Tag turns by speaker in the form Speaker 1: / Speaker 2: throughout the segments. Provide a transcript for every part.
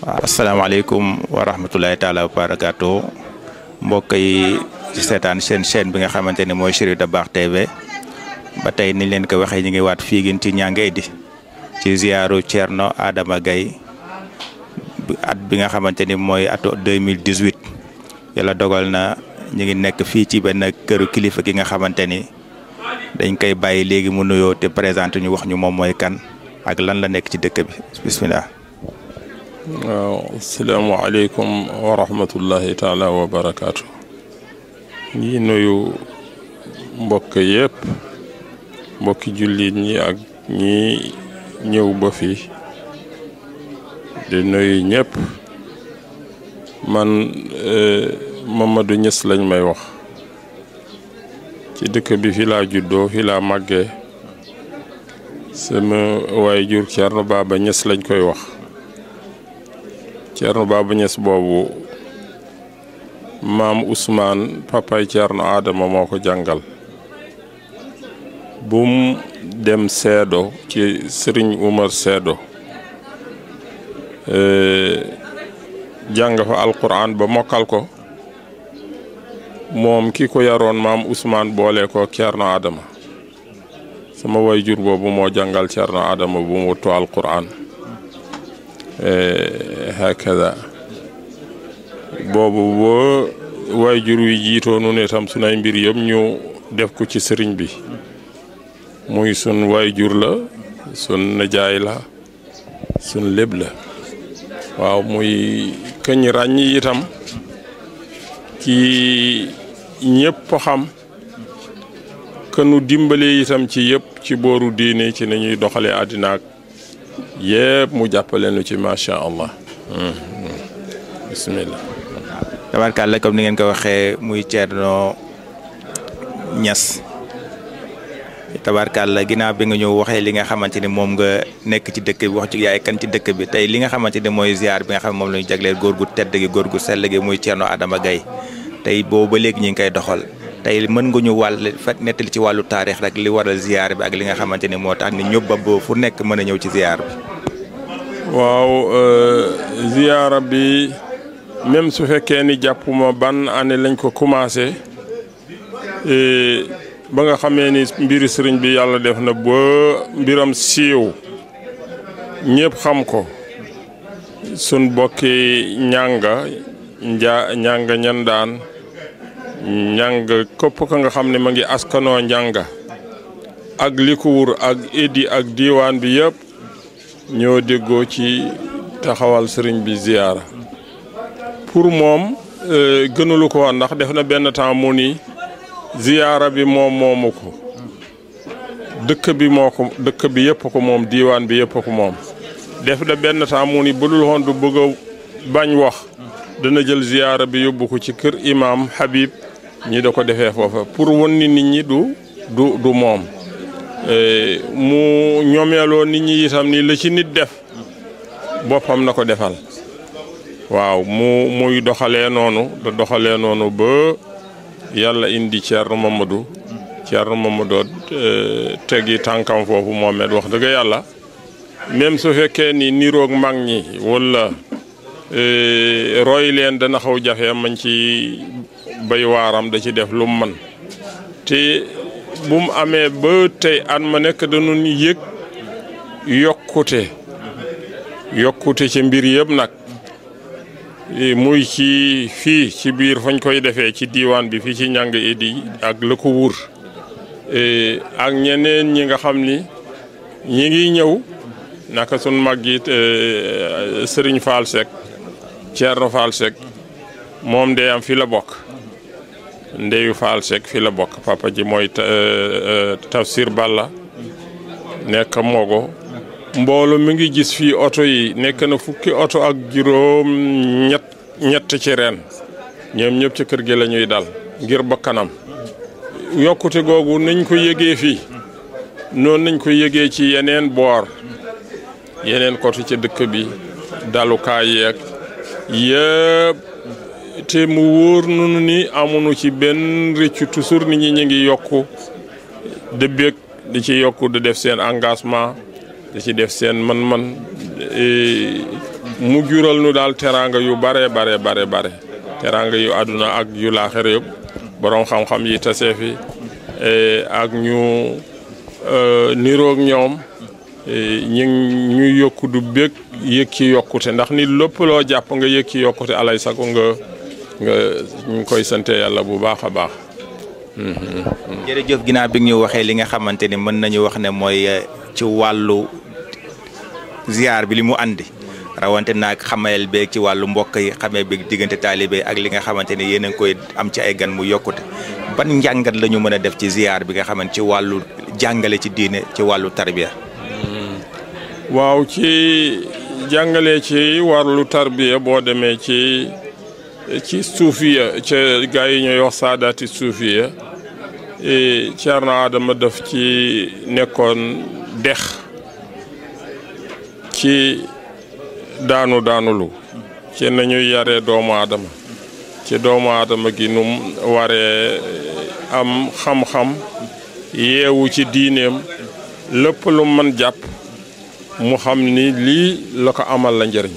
Speaker 1: waaw asalaamaaleykum wa rahmatulahi taala wa barakaatu mbokk yi ci seetaan seen chaîne bi nga xamante ne mooy Chérif baax TV ba tey niñ leen ko waxee ñu ngi waat fii gin ci ñàngay di ci ziaru no Adama gay at bi nga xamante ni mooy atu 2018 yàlla dogal na ñu ngi nekk fii ci benn këru kilifa gi nga xamante ni dañ koy bàyyi léegi mu nuyoo te présenté ñu wax ñu moom mooy kan ak lan la nekk ci dëkk bi bismillah
Speaker 2: waaw asalaamaaleykum wa rahmatullahi taala wa barakaatu. ñi nuyu mbokk yëpp mbokki jullit ñi ak ñi ñëw ba fii di nuyu ñëpp man eh, Mamadou Niass lañ may wax ci dëkk bi fi laa juddoo fi laa màggee sama waaye jur Thierno Baba Niass lañ koy wax Ceerno Baba Ñas boobu maam usmaan papay Ceerno Adama moo ko jàngal bum dem seedo ci Sëriñ Umar seedo eh, jàng fa alquran ba mokkal ko moom ki ko yaroon maam Ousmane boole ko Ceerno Adama sama way jur boobu moo jàngal Ceerno Adama bu mu wattu alquran Eh, hakada boobu boo waajur wi jiitoo nu ne tam sunay mbir yëpp ñu def ko ci sëriñ bi muy sun waajur la sun najaay la sun lépp la waaw muy këñ ràññ itam ci ñëpp xam kënu dimbale itam ci yëpp ci booru diine ci nañuy doxalee àddina yëpp mu jàppaleen lu ci macha allah bismillah
Speaker 1: tabarkàlla comme ni ngeen ko waxee muy Thierno Niass tabarkàlla ginnaaw bi nga ñëw waxee li nga xamante ni moom nga nekk ci dëkk bi wax ci yaay kan ci dëkk bi tey li nga xamante ni mooy ziar bi nga xam moom la ñu góor gu tedd gi góor gu sell gi muy Thierno Adama gay tey boobu léegi ñu ngi koy doxal tey mën nga ñu wàll fekk nettali ci wàllu taarix rek li waral ziar bi ak li nga xamante ni moo tax ni ñëpp ba fu nekk mën a ñëw ci ziar bi.
Speaker 2: waaw euh, ziara bi même su fekkee ni jàppuma ban année lañ ko commencé ba nga xamee ni mbiri sëriñ bi yàlla def na ba mbiram siiw ñëpp xam ko sun bokki ñànga nja ñànga daan njàng képp ka nga xam ne ma ngi askanoo njàng ak li ko wur ak idi ak diwaan bi yëpp ñoo déggoo ci taxawal sëriñ bi ziyaara pour moom euh, gënulu ko ndax def na benn temps mu ni ziyaara bi moom moomu dëkk bi moo ko yëpp ko moom diwaan bi yëpp ko moom def na benn temps mu ni bu dul woon du bañ wax dana jël ziyaara bi yóbbu ko ci kër imaam Habib ñi da ko defee foofa pour won ni nit ñi du du du moom e, mu ñoomeeloo ni ñi itam ni la ci nit def boppam na ko defal waaw mu muy doxalee noonu doxalee noonu ba yàlla indi Thierno Mamadou Thierno Mamadou e, tegi tànkam foofu Mohamed wax dëgg yàlla même su fekkee ni niroog mag ñi wala e, roy leen dana xaw jafe mañ ci bay waaram da ci def lum man te bu amee ba tey at ma nekk dañu yëg yokkute yokkute ci mbir yëpp nag eh, muy ci fii ci biir fañ koy defee ci diwaan bi fii ci Nianga Edy ak la ko wur eh, ak ñeneen ñi nga xam ni ñi ngi ñëw naka sun mag yi eh, Serigne Fall Seck Thierno Fall Seck moom de am fi la bokk ndeyu Faal Seck fi bokk papa ji mooy eh, eh, Tafsir Balla nekk Mogo mboolu mi ngi gis fii oto yi nekk na fukki oto ak juróom ñett ñett ci ren ñoom ñëpp ci kër gi la dal ngir ba yokkute googu nañ ko yëgee fii noonu nañ ko yëgee ci yeneen boor yeneen côté ci dëkk bi dalukaay yeeg yëpp te mu wóor nunu ni amuñu ci benn rëccu toujours nit ñi ñu ngi yokku de bëgg di ci yokk di def seen engagement di ci def seen man-man e, mu jural nu daal teraanga yu bare bare bare bare teraanga yu àdduna ak yu laaxira yëpp borom xam-xam yi tasee fi e, ak ñu e, niroog ñoom ñu yokku du bëgg yëg ci yokkute ndax ni lépp loo jàpp nga yëg ci yokkute alay sago nga nga ñu koy sante yàlla bu baax a baax. jërëjëf
Speaker 1: ginnaaw bi ñu waxee li nga xamante ni mën nañu wax ne mooy eh, ci wàllu ziar bi li mu andi. rawante naag xamayel beeg ci wàllu mbokk yi xamee beeg diggante taalibe ak li nga xamante ni yéen a ngi koy am ci ay gan mu yokkute ban njàngat lañu mën a def ci ziar bi nga xamante ci wàllu jàngale ci diine ci wàllu tarbiya.
Speaker 2: Hmm. waaw ci jàngale ci wàllu tarbiya boo demee ci. ci suufiya ca gaa yi ñooy wax saadaati suufiya e Ceerno Adama def ci nekkoon dex ci daanu daanulu ci nañuy yare doomu aadama ci doomu aadama gi num waree am xam-xam yeewu ci diineem lépp lu mën jàpp mu xam ni lii la ko amal la njariñ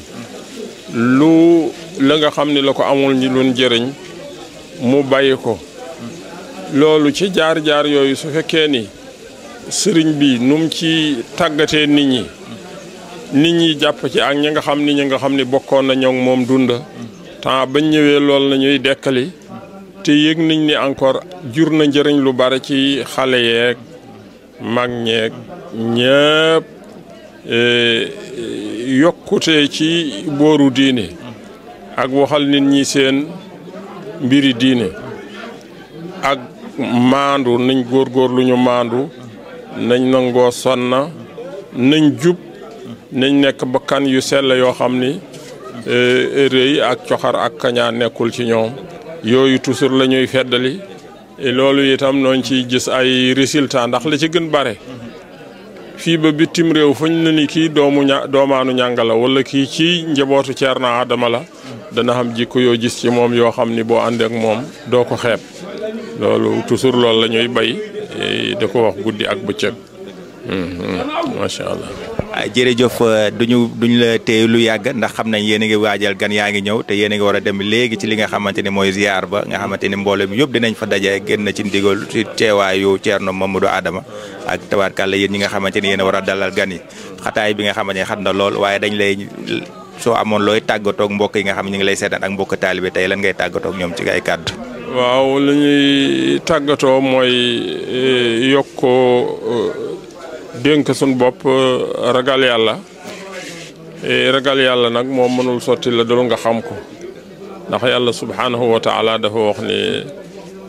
Speaker 2: lu la nga xam ni la ko amul ñi luñ jëriñ mu bàyyi ko loolu ci jaar-jaar yooyu su fekkee ni sëriñ bi num ci tàggatee ni ñi nit ñi jàpp ci ak ñi nga xam ni ñi nga xam ni bokkoon na ñoom moom dunda temps bañ ñëwee lool na ñuy dekkali te yëg nañ ni encore jur na njëriñ lu bare ci xale yeek mag ñeek ñëpp eh, yokkute ci booru diine ak waxal nit ñi seen mbiri diine ak maandu nañ góorgóorlu ñu maandu nañ nangoo sonna nañ jub nañ nekk bakkan yu sell yoo xam ni eh, rëy ak coxar ak kañaa nekkul ci ñoom yooyu toujours la ñuy feddali loolu itam nooñ ciy gis ay résultat ndax la ci gën bare fii ba bitim réew foñ na ni kii doomu ña doomaanu ñànga la wala kii ci njabootu Ceerno Adama la dana xam jikko yoo gis ci moom yoo xam ni boo àndee ak moom doo ko xeeb loolu toujours loolu la bay eh, da ko wax guddi ak bu bëccëg mm-hmm. macha allah. Ah, jërëjëf
Speaker 1: euh, duñu duñ la téye lu yàgg ndax xam nañ yéen a ngi waajal gan yaa ngi ñëw te yéen a war a dem léegi ci li nga xamante ni mooy ziar ba nga xamante ni mbooloo bi yëpp dinañ fa daje génn ci ndigal ci teewaayu Thierno Mamadou Adama ak tabaarkàlla yéen ñi nga xamante ni yéen a war a dalal gan yi xataay bi nga xamante ne xat na lool waaye dañ lay soo amoon looy tàggatoog mbokk yi nga xam ñu ngi lay sedan ak mbokk taalibe tey lan ngay tàggatoog ñoom ci ay kàddu.
Speaker 2: waaw li ñuy tàggatoo eh, euh, dénk suñ bopp euh, ragal yàlla e, ragal yàlla nag moom mënul sotti la dul nga xam ko ndax yàlla subhaanahu wa taala dafa wax ne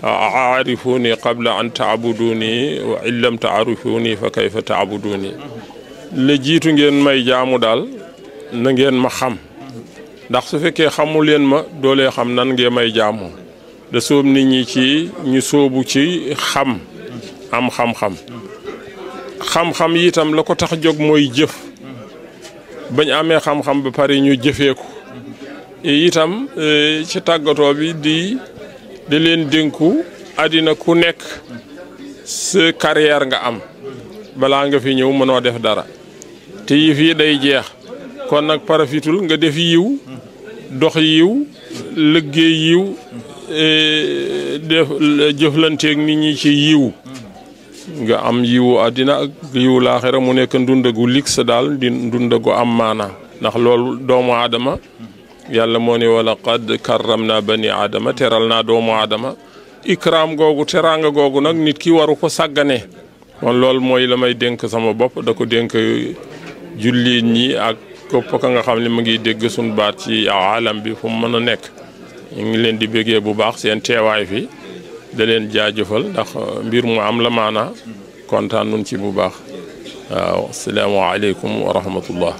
Speaker 2: aarifuuni qabla an taabuduni wa in lam taarifuuni fa kayfa taabuduni la jiitu ngeen may jaamu daal na ngeen ma xam ndax su fekkee xamu leen ma doole xam nan ngeen may jaamu da soob nit ñi ci ñu soobu ci xam am xam-xam xam-xam yi itam la ko tax jóg mooy jëf bañ amee xam-xam ba pare ñu jëfee ko e itam e, ci tàggatoo bi di di leen dénku àddina ku nekk sa carrière nga am balaa nga fi ñëw mënoo def dara te yii fii day jeex kon nag parafitul nga def yiw dox yiw liggéey yiw e, def jëflanteeg nit ñi ci yiw nga am yiwu àddina ak yiwu laaxira mu nekk ndundagu ligsa daal di ndundagu am maana ndax loolu doomu aadama yàlla moo ne wala qad karram naa bani aadama teral naa doomu aadama ikraam googu teraanga googu nag nit ki waru ko sàggane kon lool mooy la may dénk sama bopp da ko dénk jullit ñi ak képp ka nga xam ni ma ngi dégg suñu baat ci alam bi fu mu mën a nekk ñu ngi leen di béggee bu baax seen teewaay fi da leen jaajëfal ndax euh, mbir mu am la maanaa kontaan nun ci bu baax waaw asalaamaaleykum wa rahmatullah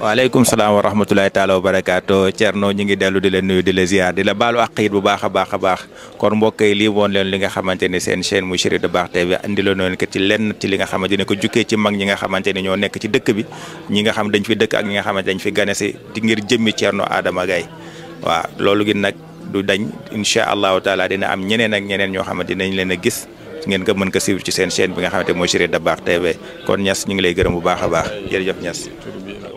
Speaker 1: waaleykum salaam wa rahmatulahi taala wa barakaatu Thierno ñu ngi dellu di la nuyu di la ziar di la baalu àq it bu baax a baax a baax kon mbokk yi woon leen li nga xamante ni seen chaîne muy Chérif Dabakh TV andi la noonu ci lenn ci li nga xamante ne ko jukkee ci mag ñi nga xamante ni ñoo nekk ci dëkk bi ñi nga xam dañ fi dëkk ak ñi nga xamante dañ fi gane si di ngir jëmmi Thierno Adama Gaye waaw loolu gi du dañ incha allahu taala dina am ñeneen ak ñeneen ñoo xamante dinañ leen a gis ngeen ko mën ko suivre ci seen chaîne bi nga xamante mooy Chérif Dabakh TV kon Niass ñu ngi lay gërëm bu baax a baax jërëjëf Niass